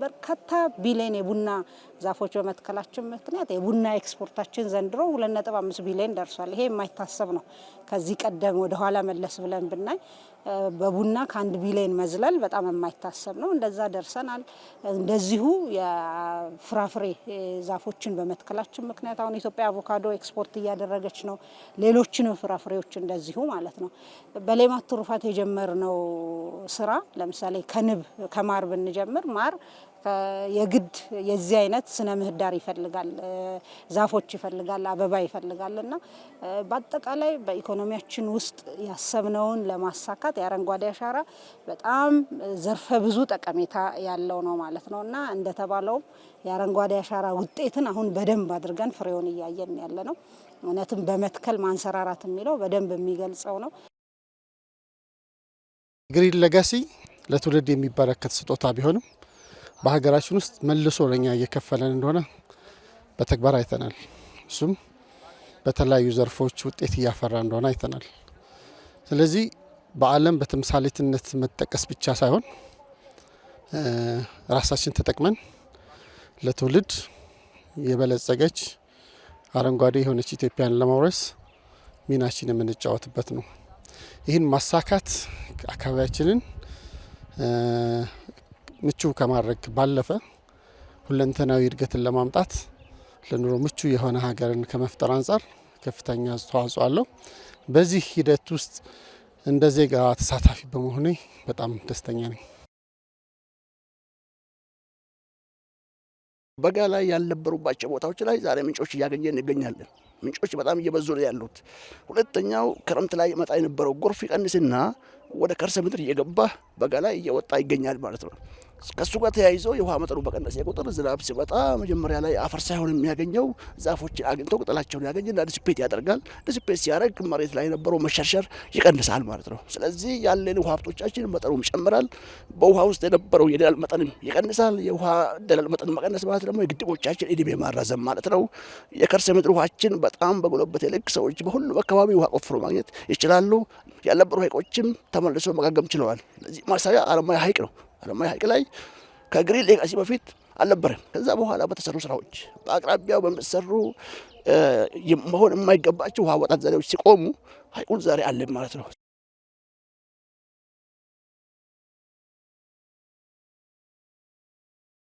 በርካታ ቢሊዮን የቡና ዛፎች በመትከላችን ምክንያት የቡና ኤክስፖርታችን ዘንድሮ 2.5 ቢሊዮን ደርሷል። ይሄ የማይታሰብ ነው። ከዚህ ቀደም ወደ ኋላ መለስ ብለን ብናይ በቡና ከአንድ ቢሊዮን መዝለል በጣም የማይታሰብ ነው። እንደዛ ደርሰናል። እንደዚሁ የፍራፍሬ ዛፎችን በመትከላችን ምክንያት አሁን ኢትዮጵያ አቮካዶ ኤክስፖርት እያደረገች ነው። ሌሎችንም ፍራፍሬዎች እንደዚሁ ማለት ነው። በሌማት ትሩፋት የጀመርነው ስራ ለምሳሌ ከንብ ከማር ብንጀምር ማር የግድ የዚህ አይነት ስነ ምህዳር ይፈልጋል፣ ዛፎች ይፈልጋል፣ አበባ ይፈልጋል እና በአጠቃላይ በኢኮኖሚያችን ውስጥ ያሰብነውን ለማሳካት የአረንጓዴ አሻራ በጣም ዘርፈ ብዙ ጠቀሜታ ያለው ነው ማለት ነው እና እንደተባለውም የአረንጓዴ አሻራ ውጤትን አሁን በደንብ አድርገን ፍሬውን እያየን ያለ ነው። እውነትም በመትከል ማንሰራራት የሚለው በደንብ የሚገልጸው ነው። ግሪን ለጋሲ ለትውልድ የሚበረከት ስጦታ ቢሆንም በሀገራችን ውስጥ መልሶ ለኛ እየከፈለን እንደሆነ በተግባር አይተናል። እሱም በተለያዩ ዘርፎች ውጤት እያፈራ እንደሆነ አይተናል። ስለዚህ በዓለም በተምሳሌትነት መጠቀስ ብቻ ሳይሆን ራሳችን ተጠቅመን ለትውልድ የበለጸገች አረንጓዴ የሆነች ኢትዮጵያን ለማውረስ ሚናችን የምንጫወትበት ነው። ይህን ማሳካት አካባቢያችንን ምቹ ከማድረግ ባለፈ ሁለንተናዊ እድገትን ለማምጣት ለኑሮ ምቹ የሆነ ሀገርን ከመፍጠር አንጻር ከፍተኛ አስተዋጽኦ አለው። በዚህ ሂደት ውስጥ እንደ ዜጋ ተሳታፊ በመሆኔ በጣም ደስተኛ ነኝ። በጋ ላይ ያልነበሩባቸው ቦታዎች ላይ ዛሬ ምንጮች እያገኘ እንገኛለን። ምንጮች በጣም እየበዙ ነው ያሉት። ሁለተኛው ክረምት ላይ መጣ የነበረው ጎርፍ ይቀንስና ወደ ከርሰ ምድር እየገባ በጋ ላይ እየወጣ ይገኛል ማለት ነው። ከእሱ ጋር የውሃ መጠኑ በቀነሰ ቁጥር ዝናብ ሲመጣ መጀመሪያ ላይ አፈር ሳይሆን የሚያገኘው ዛፎችን አግኝተው ቅጠላቸውን ያገኝና ዲስፔት ያደርጋል። ዲስፔት ሲያደርግ መሬት ላይ የነበረው መሸርሸር ይቀንሳል ማለት ነው። ስለዚህ ያለን ውሃ ሀብቶቻችን መጠኑም ይጨምራል። በውሃ ውስጥ የነበረው የደለል መጠንም ይቀንሳል። የውሃ ደለል መጠን መቀነስ ማለት ደግሞ የግድቦቻችን እድሜ ማራዘም ማለት ነው። የከርሰ ምድር ውሃችን በጣም በጎለበት ልክ ሰዎች በሁሉም አካባቢ ውሃ ቆፍሮ ማግኘት ይችላሉ። ያልነበሩ ሀይቆችም ተመልሶ መጋገም ችለዋል። ለዚህ ማሳያ አለማያ ሀይቅ ነው። አለማያ ሐይቅ ላይ ከግሪን ሌጋሲ በፊት አልነበረም። ከዛ በኋላ በተሰሩ ስራዎች በአቅራቢያው በሚሰሩ መሆን የማይገባቸው ውሃ ወጣት ዘዴዎች ሲቆሙ ሐይቁን ዛሬ አለን ማለት ነው።